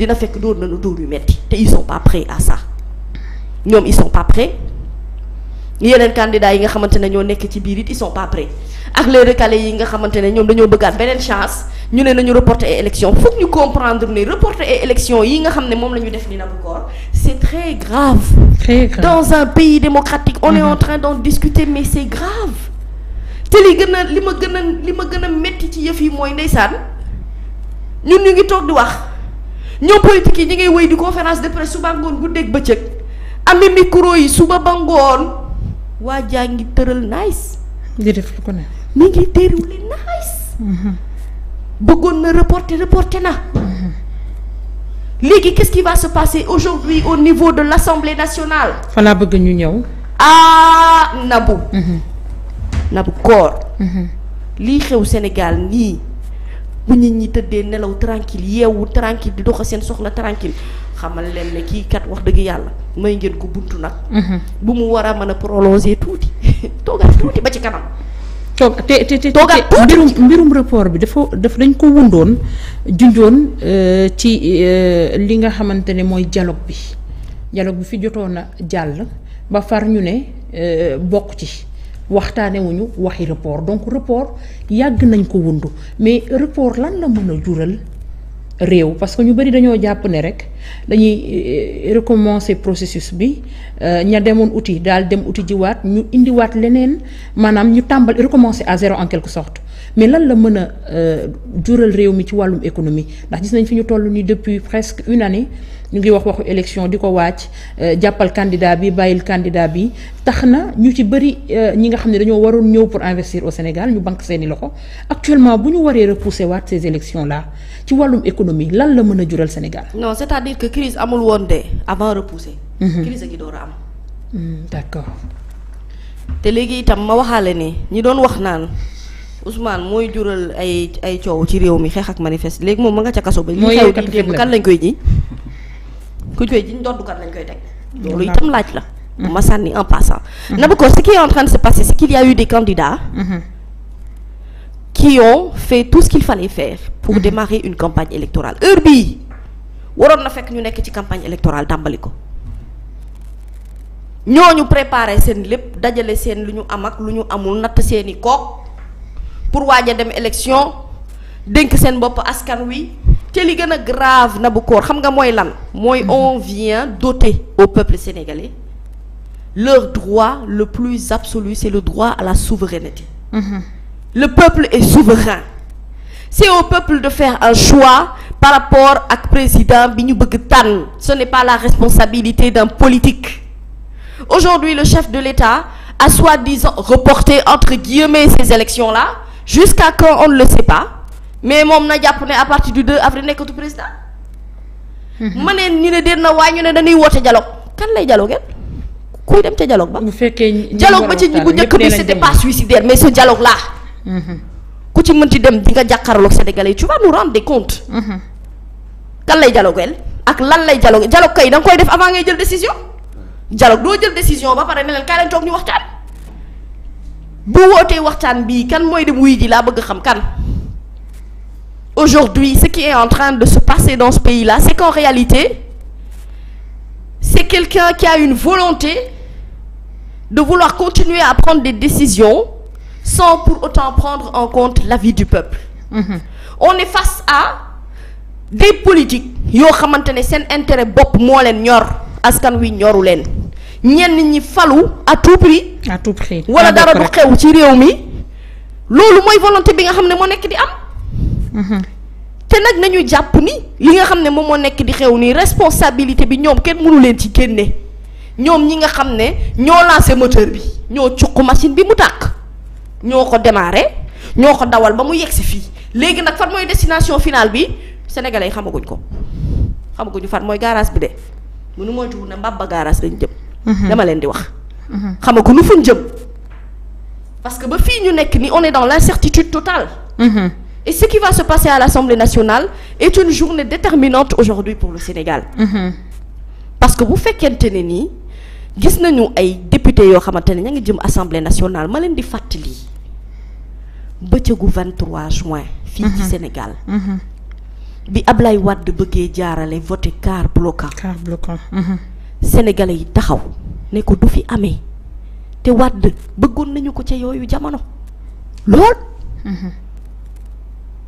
dina fekk dóor na la dóor yu metti te ils sont à ça ñoom ils sont pas prêts yeneen candidats yi nga xamante ne ñoo nekk ci biir it ils sont pas prêts ak les yi nga xamante ne ñoom dañoo bëggaat beneen chance ñu ne nañu reporter ay élection foog ñu comprendre ne reporter ay élection yi nga xam ne moom la ñu def ni Nabokor c'est très grave très grave dans un pays démocratique on est mm-hmm. en train d'en discuter mais grave te li gën a li ma gën a li ma gën a métti ci yëf yi mooy ndeysaan ñun ñu ngi toog di wax ñoom politique yi ñu ngay wéy di conférence de presse suba ngoon guddeeg bëccëg amee micro yi suba ba ngoon waa jaa ngi tëral nice. di def lu ko ne. mi ngi tëriwule nice. Mhm. bëggoon na reporter reporter na. Mhm. léegi qu'est-ce qui va se passer aujourd'hui au niveau de l'Assemblée nationale. fa laa bëgg ñu ñëw. ah Nabou. Mhm. Nabou Cor. lii xew Sénégal nii. bu nit ñi tëddee nelaw tranquille yeewu tranquille di doxa seen soxla tranquille xamal leen ne kii kat wax dëgg yàlla may ngeen ko buntu nag. Mhm. bu mu war a mën a prolonger tuuti toogaat tuuti ba ci kanam. toogaat te te te mbirum mbirum rapport bi dafa daf dañ ko wundoon junjoon euh, ci euh, li nga xamante ne mooy dialogue bi dialogue bi fi jotoon a jàll ba far ñu ne euh, bokk ci. waxtaane wuñu waxi report donc report yàgg nañ ko wundu mais report lan la mën a jural réew parce que ñu bëri dañoo jàpp ne rek dañuy eh, recommencer processus bi euh, ña demoon uti daal dem uti jiwaat ñu indiwaat leneen maanaam ñu tàmbal recommencer à zéro en quelque sorte mais lan la mën a euh, jural réew mi ci wàllum économie ndax gis nañ fi ñu toll nii depuis presque une année ñu ngi wax waxu élection di ko wàcc euh, jàppal candidat bi bàyyil candidat bi tax na ñu ci bëri euh, ñi nga xam ne dañoo waroon ñëw pour investir au Sénégal ñu banque seeni loxo actuellement bu ñu waree repousser waat ces élections là ci wàllum économie lan la mën a jural Sénégal. non c'est-à-dire que crise amul woon de avant repousser. Mhm. crise a ngi door a am. Hmm, d'accord. te léegi itam ma waxaale ne ñi doon wax naan. Ousmane mooy jural ay ay coow ci réew mi xeex ak manifeste léegi moom ma nga ca kaso ba. mooy li xew kan lañ koy ji. ku jooy ji ñu dondkat lañ koy teg. loolu itam laaj la. Mm-hmm. ma sànni en passant. Mm-hmm. Nabou Cor ce qui est en train de se passer c'est qu'il y a eu des candidats. Mm-hmm. qui ont fait tout ce qu'il fallait faire. pour démarrer une campagne électorale heure bii waroon na fekk ñu nekk ci campagne électorale tàmbali ko. ñu préparé seen lépp dajale seen lu ñu am ak lu ñu amul natt seeni kook pour waaj dem élection dénk seen bopp askan wi te li gën a grave Nabou Cor xam nga mooy lan mooy mhm. on vient doter au peuple sénégalais leur droit le plus absolu c'est le droit à la souveraineté mmh. le peuple est souverain c'est au peuple de faire un choix par rapport ak président bi ñu bëgg tànn ce n'est pas la responsabilité d'un politique aujourd'hui le chef de l'État a soi-disant reporté entre guillemets ces élections-là jusqu'à quand on ne le sait pas mais moom na jàpp ne à partir du 2 avril nekkatu président. Mhm. ma ne ñu ne déet na waaye ñu ne dañuy woote dialogue kan lay dialogue kuy dem ca dialogue ba. bu fekkee dialogue ba ci bu njëkk bi c'était pas suicidaire mais ce dialogue mhm. ku ci mënti dem di nga jàkkaarloog Sénégalais tu vas nous rendre des comptes. Mhm. kan lay dialogueel ak lan lay dialogue dialogue kay da nga koy def avant ngay jël décision. dialogue doo jël décision ba pare ne leen toog ñu waxtaan. bu wootee waxtaan bii kan mooy dem wuy ji laa bëgg xam kan. aujourd'hui ce qui est en train de se passer dans ce pays-là c'est réalité c'est quelqu'un qui a une volonté de vouloir continuer à prendre des décisions sans pour autant prendre en compte l'avis du peuple mmh. on est face à des politiques yoo xamante ne seen intérêt bopp moo leen ñor askan wi ñoru leen ñenn ñi falu à tout prix à wala dara du xew ci réew mi loolu mooy volonté bi nga xam ne moo nekk di am te nag nañu jàpp ni li nga xam ne moom moo nekk di xew nii responsabilité bi ñoom kenn mënu leen ci génne ñoom ñi nga xam ne ñoo lancé moteur bi ñoo cuq machine bi mu tàkk ñoo ko démarré ñoo ko dawal ba mu yegg si fii léegi nag fan mooy destination finale bi sénégalais yi xamaguñ ko xamaguñu fan mooy garage bi de mooy moytuwul na mbabba garage lañ jëm. Mhm. dama leen di wax. Mhm. xamaguñu ñu jëm parce que ba fii ñu nekk ni on est dans l'incertitude totale. Mmh. Et ce qui va se passer à l'Assemblée nationale est une journée déterminante aujourd'hui pour le Sénégal. Mm-hmm. Parce que bu fekkente ne nii gis nañu ay député yoo xamante ne ña ngi jëm Assemblée nationale ma leen di fàttali bëccëgu 23 juin. fii ci mm-hmm. Sénégal. Mm-hmm. bi Ablaye Wade bëggee jaarale voté car bloquant. car bloquant. Sénégalais yi taxaw ne ko du fi amee te Wade bëggoon nañu ko ca yooyu jamono lool.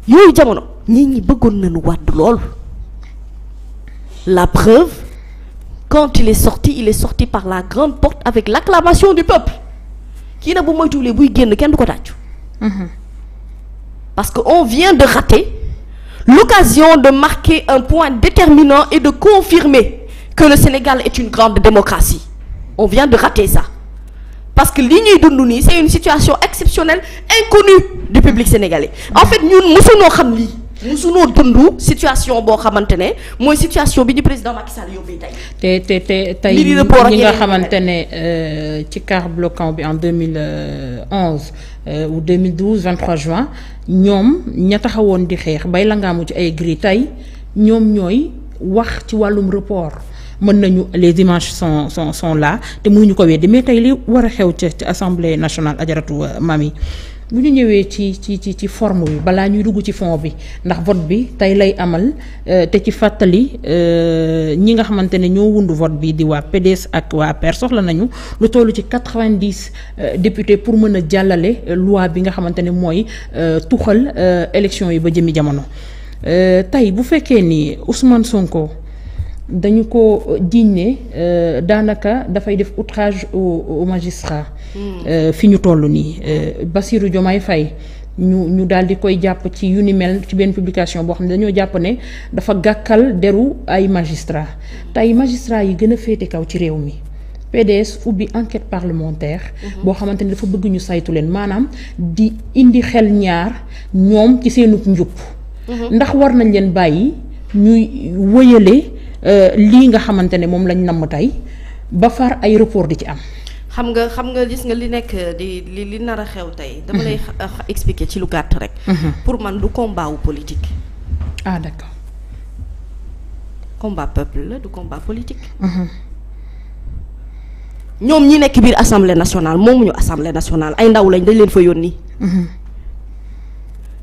yooyu jamono ñii ñi bëggoon nañu wàdd lool la preuve quand il est sorti il est sorti par la grande porte avec l'acclamation du peuple kii nag bu moytuwulee buy génn kenn du ko tàccu mm-hmm. parce que on vient de rater l'occasion de marquer un point déterminant et de confirmer que le Sénégal est une grande démocratie on vient de rater ça parce que li ñuy dund nii c'est une situation exceptionnelle inconnue du public sénégalais en fait ñun mosunoo xam lii mosunoo dund situation boo xamante ne mooy situation bi ñu président Macky Sall yóbbee te te te tey ñi nga xamante ne euh, ci car bloquant bi en 2011 euh, euh, ou 2012 23 juin ñoom ña taxawoon di xeex bay la ngaamu ci ay gri tey ñoom ñooy wax ci wàllum report. mën nañu les images sont son sont là te mënuñu ko weddi mais tey li war a xew ca ci assemblée nationale ajaratu euh, yi bu ñu ñëwee ci ci ci ci forme bi balaa ñuy dugg ci fond bi ndax vote bi tey lay amal euh, te ci fàttali euh, ñi nga xamante ne ñoo wundu vote bi di waa PDS ak waa APR soxla nañu lu toll ci quatre-vingt-dix pour mën a jàllale loi bi nga xamante ne mooy tuxal élection yi ba jëmi jamono tey bu fekkee ni Ousmane Sonko. dañu ko jiiñ ne euh, daanaka dafay def outrage au au magistrat. Hmm. Euh, fi ñu toll nii euh, Bassirou Diomaye fay ñu ñu daal di koy jàpp ci yu ni mel ci benn publication boo xam ne dañoo jàpp ne dafa gàkkal deru ay magistrat tey magistrat yi gën a féete kaw ci réew mi. PDS ubbi enquête parlementaire. Hmm. boo xamante ne dafa bëgg ñu saytu leen maanaam di indi xel ñaar ñoom ci seenug njub. Hmm. ndax war nañ leen bàyyi ñuy wëyale. Euh, lii nga xamante ne moom lañ namm tey ba far ay report di ci am. xam nga xam nga gis nga li nekk di li li nar a xew tey. dama lay mhm. expliquer ci lu gàtt rek. Mhm. pour man du combat wu politique. ah d'accord. combat mhm. ñoom ñi nekk biir assemblée nationale moomuñu assemblée nationale ay ndaw lañ dañ leen fa yónni.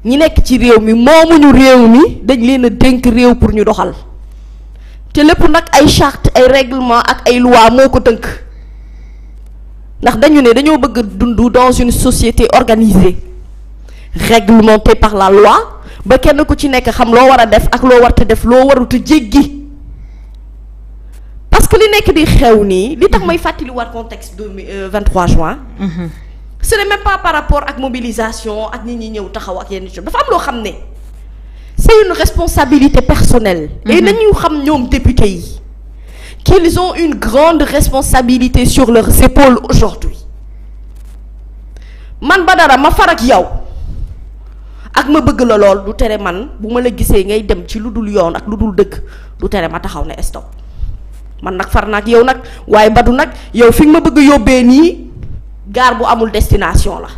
ñi nekk ci réew mi moomuñu réew mi dañ leen a réew pour ñu doxal. te lépp nag ay charte ay règlement ak ay loi moo ko tënk ndax dañu ne dañoo bëgg dundu dans une société organisée réglementée par la loi ba kenn ku ci nekk xam loo war a def ak loo war warta def loo warut a jéggi parce que li nekk di xew nii li tax may fàttali war contexte de 23 euh, juin mm-hmm. ce n'est même pas par rapport ak mobilisation ak nit ñi ñëw taxaw ak yenn dafa am loo xam ne c'est une responsabilité personnelle et mm-hmm. nañu xam ñoom député yi qu'ils ont une grande responsabilité sur leurs épaules aujourd'hui man Badara ma far ak yow ak ma bëgg la lool du tere man bu ma la gisee ngay dem ci lu dul yoon ak lu dul dëgg du tere ma taxaw ne stop man nag far nag yow nag waaye Badou nag yow fi nga ma bëgg yóbbee nii gaar bu amul destination la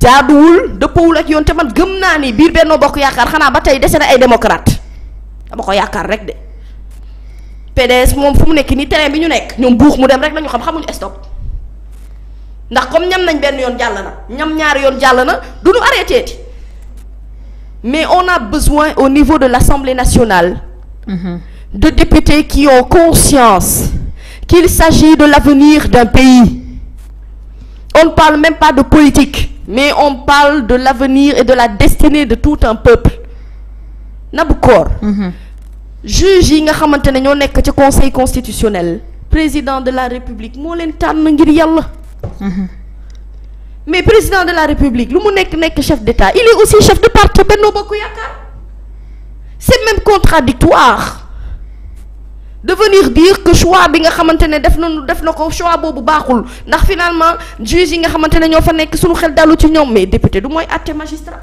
jaaduwul dëppawul ak yoon te man gëm naa ni biir Benno Bokk Yaakaar xanaa ba tey dese na ay démocrate dama ko yaakaar rek de PDS moom fu mu nekk nii terrain bi ñu nekk ñoom buux mu dem rek lañu xam xamuñu stop ndax comme ñam nañ benn yoon jàll na ñam ñaari yoon jàll na du ñu arrêté ti mais on a besoin au niveau de l'Assemblée nationale mmh. de députés qui ont conscience qu'il s'agit de l'avenir d'un pays on ne parle même pas de politique mais on parle de l'avenir et de la destinée de tout un peuple nabu Cor mhm. juge yi nga xamante ne ñoo nekk ci conseil constitutionnel président de la république moo leen tànn ngir yàlla mhm. mais président de la république lu mu nekk nekk chef d'état il est aussi chef de parti Benno Bokk Yaakaar c'est même contradictoire devenir biir que choix bi nga xamante ne def nañu def na ko choix boobu baaxul ndax finalement juge yi nga xamante ne ñoo fa nekk suñu xel dallu ci ñoom mais député du mooy àtte magistrat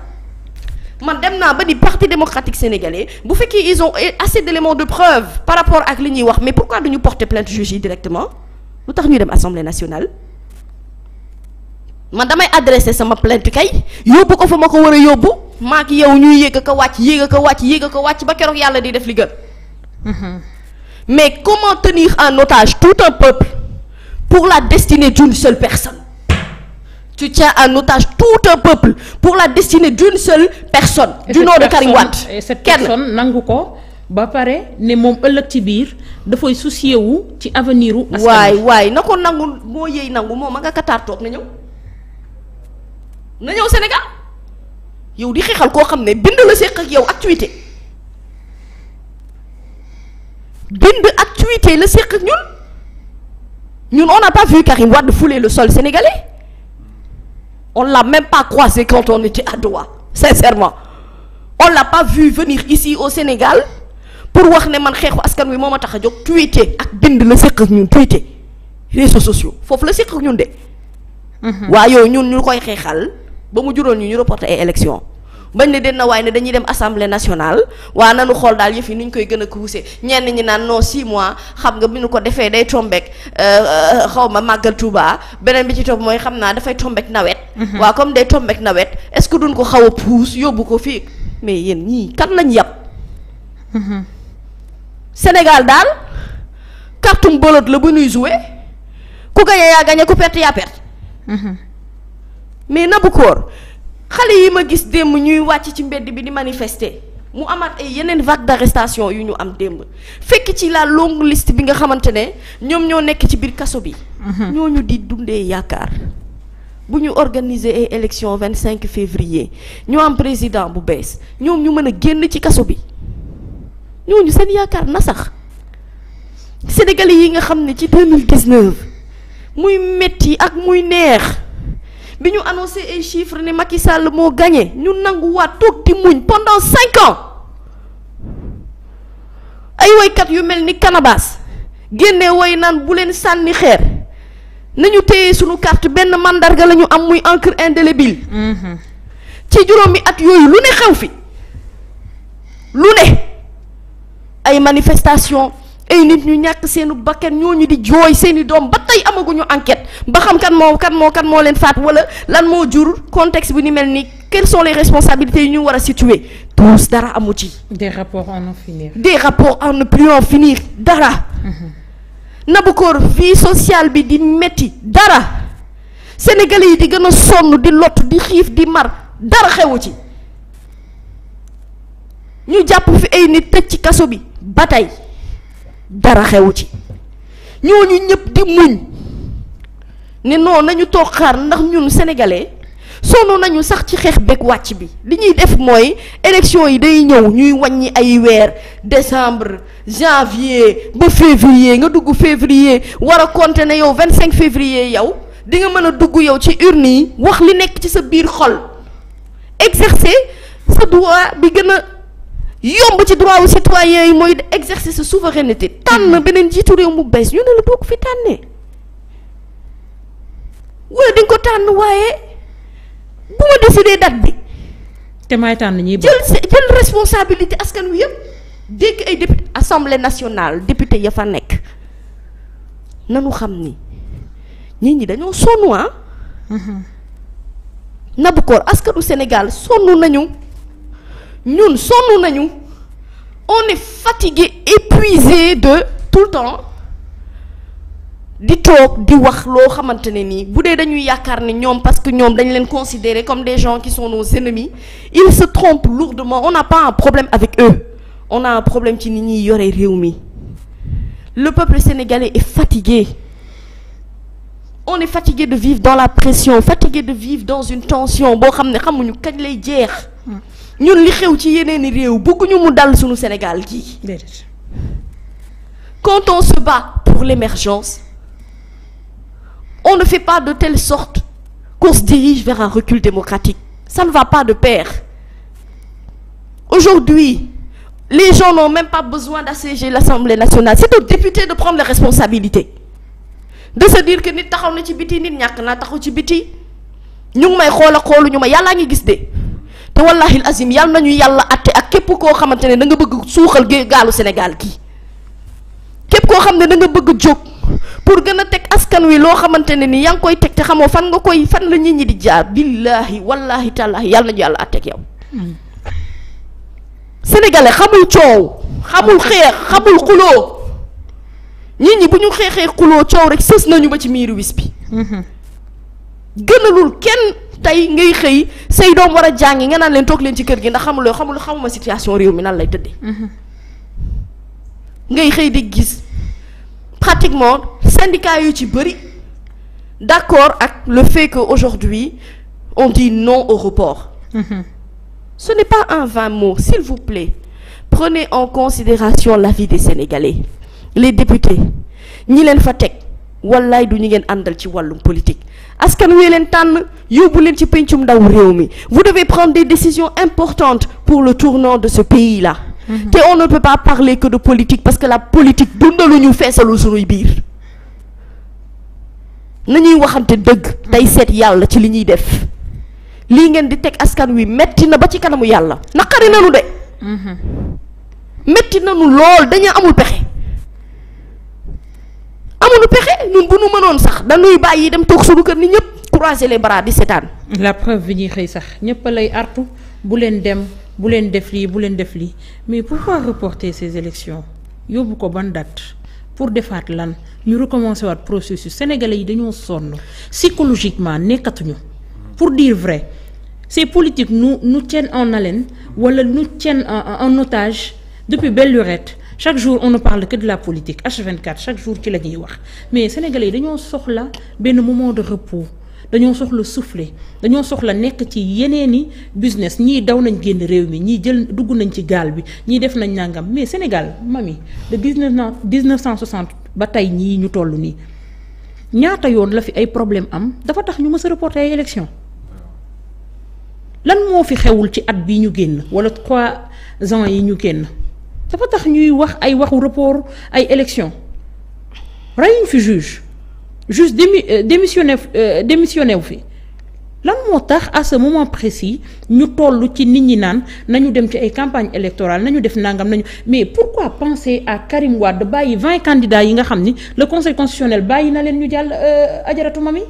man dem naa ba di parti démocratique sénégalais bu fekkee ils ont assez d'éléments de preuve par rapport ak li ñuy wax mais pourquoi ñu porter plainte juge yi directement lu tax ñuy dem assemblée nationale man damay adressé sama plainte kay yóbbu ko fa ma ko war a yóbbu maak yow ñuy yéeg a ko wàcc yéeg a ko wàcc yéeg a ko wàcc ba keroog yàlla di def li mais comment tenir en otage tout un peuple pour la destinée d'une seule personne tu tiens en otage tout un peuple pour la destiné d'une seule personne et du nom de Karim kenn nangu ko ba pare ne moom ëllëg ci biir dafay soucier wu ci avenir u waay waay na ko nangu moo yëy nangu moom ma nga Qatar toog na ñëw na ñëw Sénégal yow di xeexal koo xam ne bind la séq ak yow activité bind ak tweeté la séq ak ñun ñun on n'a pas vu Karim Wade fouler le sol sénégalais on l'a même pas croisé quand on était à Doha sincèrement on l'a pas vu venir ici au Sénégal pour wax ne man xeexu askan wi moom ma tax a jóg tweeté ak bind la séq ak ñun tweeté réseaux sociaux foofu la séq ak ñun de. Mhm. waaye yooyu ñun ñu koy xeexal ba mu juróon ñu ñu reporté ay élection bañ ne den na waaye ne dañuy dem assemblée nationale waa nanu xool daal yëf yi ni ñu koy gën a poussé ñenn ñi naan non 6 mois xam nga bi nu ko defee day tombeek euh, euh, xaw ma màggal Touba beneen bi ci topp mooy xam naa dafay tombeek nawet. Mhm. waa comme day tombeek nawet est-ce que duñ ko xaw a pousse yóbbu ko fii mais yéen ñii kan lañ yàpp. Mhm. Sénégal daal kartum bolot la bu ñuy joué ku gañe yaa gañe ku perte yaa perte. Mhm. mais nabu koor. xale yi ma gis démb ñuy wàcc ci mbedd bi di manifester mu amaat ay yeneen vague d'arrestation yu ñu am démb fekk ci la longue liste bi nga xamante ne ñoom ñoo nekk ci biir kaso bi. Mhm. ñoo ñu di dundee yaakaar. bu ñu organiser ay élection vingt cinq février ñoo am président bu bees ñoom ñu mën a génn ci kaso bi ñooñu seen yaakaar na sax sénégalais yi nga xam ne ci deux mille muy metti ak muy neex. bi ñu annoncé ay chiffres ni Macky Sall moo gagné ñu nanguwaat toog di muñ pendant cinq ans ay woykat yu mel ni Canabaas génne woy naan bu leen sànni xeer nañu téye suñu carte benn màndarga lañu am muy encre indélébile. Mhm. ci juróomi at yooyu lu ne xew fi lu ne ay manifestation ay nit ñu ñàkk seenu bakkan ñooñu di jooy seeni doom ba tey amaguñu enquête ba xam kan moo kan moo kan moo leen faat wala lan moo jur contexte bu ni mel ni quelles sont les yu ñu war a situer tous dara amu ci. des rapports à ne finir. des rapports à ne plus en finir dara. Mm-hmm. Nabukoor vie sociale bi di metti dara sénégalais yi di gën a sonn di lott di xiif di mar dara xewu ci ñu jàpp fi ay nit tëj ci kaso bi ba tey. dara xewu ci ñooñu ñëpp di muñ ne noonu nañu toog xaar ndax ñun sénégalais sonn nañu sax ci xeex beeg wàcc bi li ñuy def mooy élection yi day ñëw ñuy wàññi ay weer décembre janvier ba février nga dugg février wara conte compter ne yow 25 février yow di nga mën a dugg yow ci urne yi wax li nekk ci sa biir xol exercer sa droit bi gën yomb ci droit wu citoyen yi mooy exercer sa souveraineté tànn mm-hmm. beneen jiitu réew mu bees ñu ne la doo ko fi tànnee wala di nga ko tànn waaye bu ma décider date bi. te may tànn ñiy jël jël responsabilité askan wi yëpp dégg ay député assemblée nationale député ya fa nekk nanu xam ni nit ñi dañoo sonn ah. Mm-hmm. Nabu Koor askanu Sénégal sonn nañu. ñun sonn nañu on est fatigué épuisé de tout le temps di toog di wax loo xamante ne nii bu dee dañuy yaakaar ne ñoom parce que ñoom dañ leen considérer comme des gens qui sont nos ennemis ils se trompent lourdement on n'a pas un problème avec eux on a un problème ci ni ñuy yoree réew mi le peuple sénégalais est fatigué on est fatigué de vivre dans la pression fatigué de vivre dans une tension boo xam ne xamuñu kañ lay jeex ñun li xew ci yeneen i réew ñu mu dal suñu Sénégal gii quand on se bat pour l'émergence on ne fait pas de telle sorte qu'on se dirige vers un recul démocratique ça ne va pas de pair aujourd'hui les gens n'ont même pas besoin d'assiéger l'Assemblée nationale c'est aux députés de prendre les responsabilités de se dire que nit taxaw na ci biti nit ñàkk na taxaw ci biti ñu ngi may xool a xoolu ñu ma yàllaa ngi gis de te wallaahi azim yal nañu yàlla atte ak képp koo xamante ne da nga bëgg suuxal gaalu senegal gi képp koo xam ne da bëgg jóg pour gën a teg askan wi loo xamante ne ni yaa ngi koy teg te xamoo fan nga koy fan la nit ñi di jaar billaahi wallaahi tallaahi yal nañu yàlla atte ak yow. sénégalais xamul coow. xamul xeex xamul xuloo. nit ñi bu ñu xeexee xuloo coow rek sës nañu ba ci miiru wis bi. Mm-hmm. gënalul kenn. tey ngay xëy say doom war a jàngi nga naan leen toog leen ci kër gi ndax xamuloo xamul xamuma situation réew mi nan lay tëddee. Mm-hmm. ngay xëy di gis pratiquement syndicat yu ci bëri d'accord ak le fait que aujourd'hui on dit non au mm-hmm. ce n'est pas un vain mot s'il vous plaît prenez en considération l'avis des Sénégalais les députés ñi leen fa teg. wallaay du ñu ngeen àndal ci wàllum politique askan wi leen tànn yóbbu leen ci pencum ndaw réew mi vous devez prendre des décisions importantes pour le tournant de ce pays là mhm. te on ne peut pas parler que de politique parce que la politique dundaluñu feesalul suñuy biir nañuy waxante dëgg tey mhm. seet yàlla ci li ñuy def lii ngeen di teg askan wi metti na ba ci kanamu yàlla naqari nanu de mhm. metti nanu lool dañu amul pexe amuñu pexe ñun bu ñu mënoon sax dañuy bàyyi dem toog suñu kër ni ñëpp croiser les bras di seetaan. la preuve bi ñuy xëy sax ñëpp lay artu bu leen dem bu leen def lii bu leen def lii mais pour pourquoi reporter ces élections yóbbu ko ban date pour defaat lan ñu recommencer waat processus sénégalais yi dañoo sonn psychologiquement nekkatuñu pour dire vrai ces politiques nu nu tiennent en haleine wala nous tiennent en otage depuis belle lurette chaque jour on ne parle que de la politique H24 chaque jour ci la wax mais sénégalais yi dañoo soxla benn moment de repos dañoo soxla souffler dañoo soxla nekk ci yeneeni business ñii daw nañ génn réew mi ñii jël dugg nañ ci gaal bi ñii def nañ nangam mais Sénégal mami de 1960 ba tey ñii ñu toll nii ñaata yoon la fi ay problème am dafa tax ñu mës a reporter ay élection lan moo fi xewul ci at bi ñu génn wala trois ans yi ñu génn dafa tax ñuy wax ay waxu report ay élection reyuñ fi juge juge démi euh, démissionné euh, démissionné wu fi lan moo tax à ce moment précis ñu toll ci nit ñi naan nañu dem ci ay campagne électorale nañu def nangam nañu mais pourquoi penser à Karim Wade bàyyi vingt candidats yi nga xam ni le conseil constitutionnel bàyyi na leen ñu jàll euh, ajaratu mami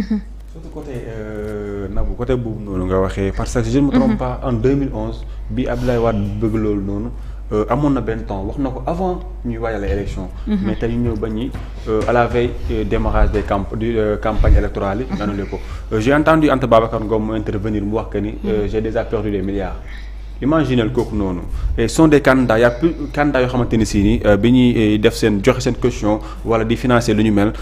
surtout côté euh, Nabou côté boobu noonu nga waxee parce que je ne me trompe mhm. pas en 2011 bi Abdoulaye Wade bëgg loolu noonu euh, amoon na benn temps wax na ko avant ñuy waajal élection mhm. mais tey ñu ñëw ba ñi euh, à la veille démarrage des camp du campagne électorale yi. Mhm. annulé ko j'ai entendu Anta Babacar Ngom mu intervenir mu wax que ni. j'ai déjà perdu des milliards. imaginel kooku noonu et sont des y' a plus candidats yoo xamante ni si nii bi ñuy def seen joxe seen question wala di financer lu ñu mel.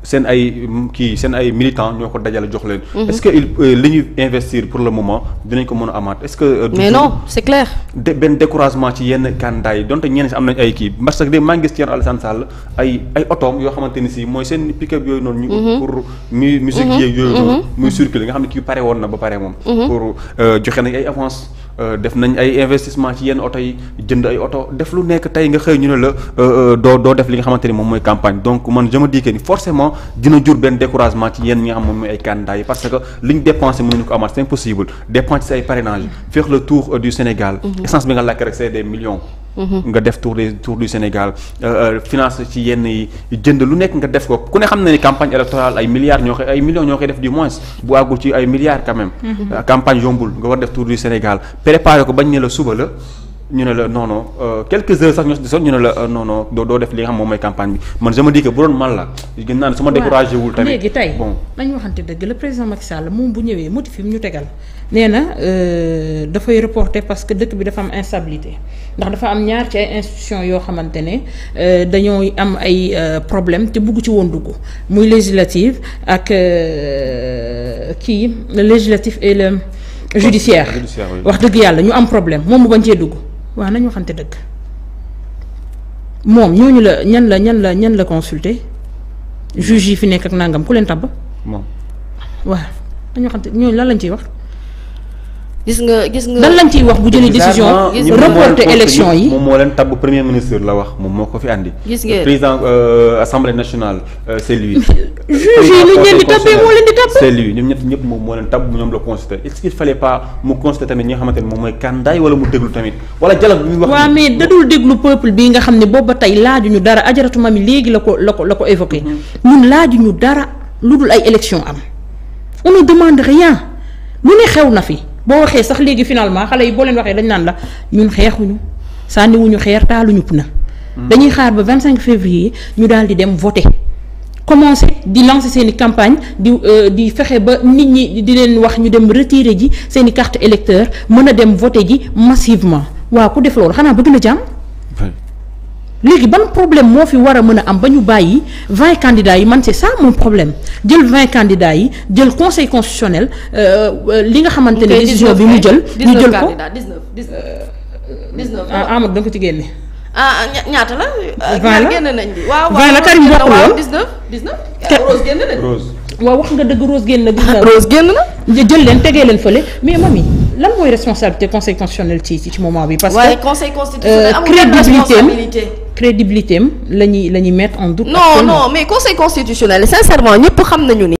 seen ay mm, kii seen ay militants ñoo ko dajale jox leen. Mhm. est-ce que il euh, li ñu investir pour le moment dinañ ko mën a amaat est-ce que. Euh, mais non c'est clair. de benn découragement ci yenn candidat yi donte ñeen si am nañ ay kii parce que de maa ngi gis Thierno Alassane Sall ay ay otoom yoo xamante si mooy seen pick-up yooyu noonu. ñu mhm. pour mu musique mhm. yooyu noonu. muy circuler nga xam ne kii pare woon na ba pare moom. pour euh, joxe nañ ay avance Euh, def nañ ay investissement ci yenn oto yi jënd ay oto def lu nekk tey nga xëy ñu ne la euh, euh, doo doo def li nga xamante ni moom mooy campagne donc man je me dis que ni forcément dina jur benn découragement ci yenn ñi nga moom ay candidats parce que li ñu dépensé mënuñu ko amaat c'est impossible dépense ci ay parrainage faire le tour du Sénégal mm-hmm. essence bi nga lakk rek c'est des millions Mm-hmm. nga def tour des tour du Sénégal euh, euh, finance ci yenn yi jënd lu nekk nga def ko ku ne xam na ni campagne électorale ay milliards ñoo koy ay millions ñoo koy def du moins bu àggul ci ay milliards quand mm-hmm. euh, campagne yombul nga war def tour du Sénégal préparer ko bañ ne la suba la. ñu ne la non non euh, quelques sax ñoo si ñu ne la euh, non non doo doo def li nga xam moom mooy campagne bi man je me dis que bu doon man la gën naa ne su ma découragé wul tamit léegi tey bon nañu waxante dëgg le président Macky Sall moom bu ñëwee motif yi mu ñu tegal nee na euh, dafay reporter parce que dëkk bi dafa am instabilité ndax dafa am ñaar ci ay institutions yoo xamante ne dañooy am ay problème te bugg ci woon dugg muy législative ak kii le législatif et le judiciaire wax dëgg yàlla ñu am problème moom mu bañ cee dugg waaw nañu waxante dëkk moom ñooñu la ñan la ñan la ñan la consulter juge yi fi nekk ak nangam ku leen tabb. moom waaw nañu waxante ñooñu lan lañ ciy wax. gis nga gis nga lan lañ ciy wax bu jëlee décision reporter élection yi moom moo leen tabb premier ministre la wax moom moo ko fi andi. gis ngeen président euh, assemblée euh, ñëpp moom moo leen tabb ñoom la constaté est-ce qu'il fallait pas xamante ne moom mooy kandaay wala mu déglu tamit wala dialogue bi muy wax. waaw mais dadul déglu peuple bi nga xam ne boobu ba tey laajuñu dara ajaratu ma mi léegi la ko la ko la ko évoqué. Mm-hmm. ñun laajuñu dara lu dul ay élection am on ne demande rien lu ne xew na fi boo waxee sax léegi finalement xale yi boo leen waxee dañ naan la ñun xeexuñu sànniwuñu xeer taaluñu na hmm. dañuy xaar ba 25 février ñu daal di dem voter commencé di lancer seen i campagne di euh, di fexe ba nit ñi di leen wax ñu dem retirer ji seen i carte électeur mën a dem voter ji massivement waaw ku def loolu xanaa bëgg na jàmm. léegi ban problème moo fi war a mën a am ba ñu bàyyi vingt candidats yi man c'est ça mon problème jël vingt candidats yi jël conseil constitutionnel euh, euh, li nga xamante ne décision bi mu jël ñu jël ko ah, Amadou da nga ko ci génne ah, ah ñaata la ah, ñaar génn nañ waaw waaw la Karim bokkul woon 19 19 Rose génn na Rose waaw wax nga dëgg Rose génn na Rose génn na jël leen tegee leen fële mais mami lan mooy responsabilité conseil constitutionnel ci ci moment bi. parce que conseil constitutionnel euh, amul crédibilité am la ñuy la ñuy mettre en doute. non non mais conseil constitutionnel sincèrement ñëpp xam nañu ni.